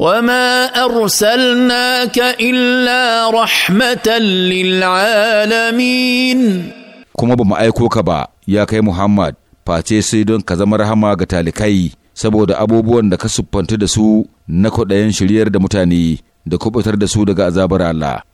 وما ارسلناك الا رحمه للعالمين kuma ba mu aiko ka ba ya kai Muhammad face sai don ka zama rahama ga talikai saboda abubuwan da ka siffanta da su na kwaɗayin shiryar da mutane da kubutar da su daga azabar Allah